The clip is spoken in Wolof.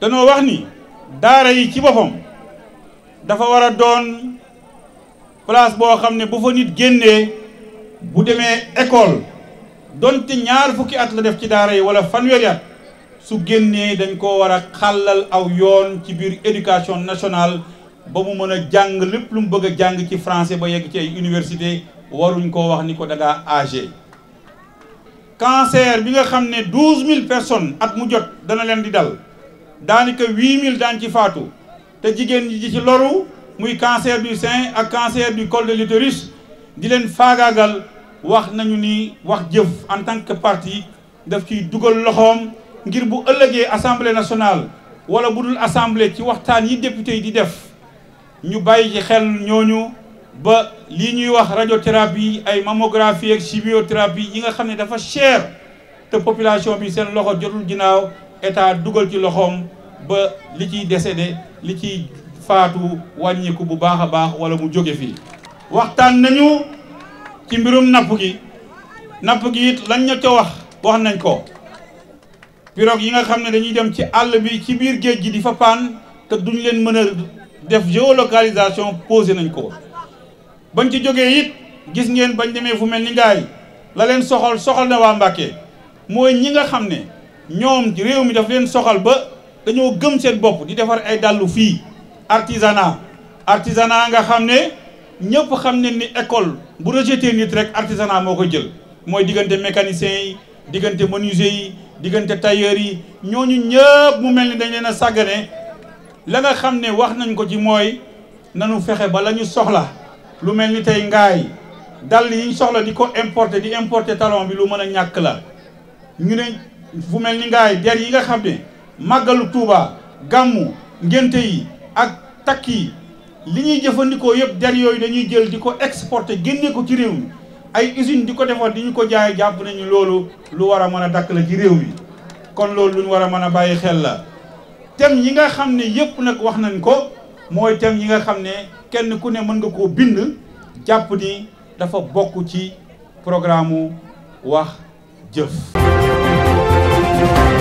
danoo wax ni daara yi ci boppam dafa war a doon place boo xam ne bu fa nit génnee bu demee école donte ñaar fukki at la def ci daara yi wala fanweeri at su génnee dañ ko war a xàllal aw yoon ci biir éducation nationale ba mu mën a jàng lépp lu mu bëgg jàng ci français ba yegg ci ay université waruñ koo wax ni ko daga âgé cancer bi nga xam ne douze mille personnes at mu jot dana leen di dal daanaka 8000 daan ci faatu te jigéen ñi di ci loru muy cancer du sein ak cancer du col de l'utérus di leen faagaagal wax nañu ni wax jëf en tant que parti daf ciy dugal loxoom ngir bu ëllëgee assemblée nationale wala bu dul assemblée ci waxtaan yi député yi di def ñu bàyyi ci xel ñooñu ba lii ñuy wax radiothérapie ay mammographie ak chimiothérapie yi nga xam ne dafa cher te population bi seen loxo jotul ginnaaw état dugal ci loxoom ba li ciy décédé li ci faatu wàññiku bu baax a baax wala mu jóge fii waxtaan nañu ci mbirum napp gi napp gi it lañ ñu ca wax wax nañ ko piroog yi nga xam ne dañuy dem ci àll bi ci biir géej gi di fa paan te duñu leen mën a def géolocalisation posé nañ ko bañ ci jógee it gis ngeen bañ demee fu mel ni ngaay la leen soxal soxal na waa Mbàkke mooy ñi nga xam ne ñoom réew mi daf leen soxal ba dañoo gëm seen bopp di defar ay dàllu fii artisanat artisanat nga xam ne ñëpp xam ne ni école bu rejeté nit rek artisanat moo ko jël mooy diggante mécanicien yi diggante menuisier yi diggante tailleur yi ñooñu ñëpp mu mel ni dañ leen a sàggane la nga xam ne wax nañ ko ci mooy nanu fexe ba la ñu soxla lu mel ni tey ngaay dàll yi ñu soxla di ko importe di importer talon bi lu mën a ñàkk la fu mel ni ngaay der yi nga xam ne màggalu Touba gàmmu ngénte yi ak takk yi li ñuy jëfandikoo yëpp der yooyu dañuy jël di ko exporté génne ko ci réew mi ay usine di ko defar di ñu ko jaay jàpp nañu loolu lu war a mën a dakk la ci réew mi kon loolu lu ñu war a mën a bàyyi xel la tem yi nga xam ne yëpp nag wax nañ ko mooy thème yi nga xam ne kenn ku ne mën nga koo bind jàpp ni dafa bokk ci programme wax jëf Thank you.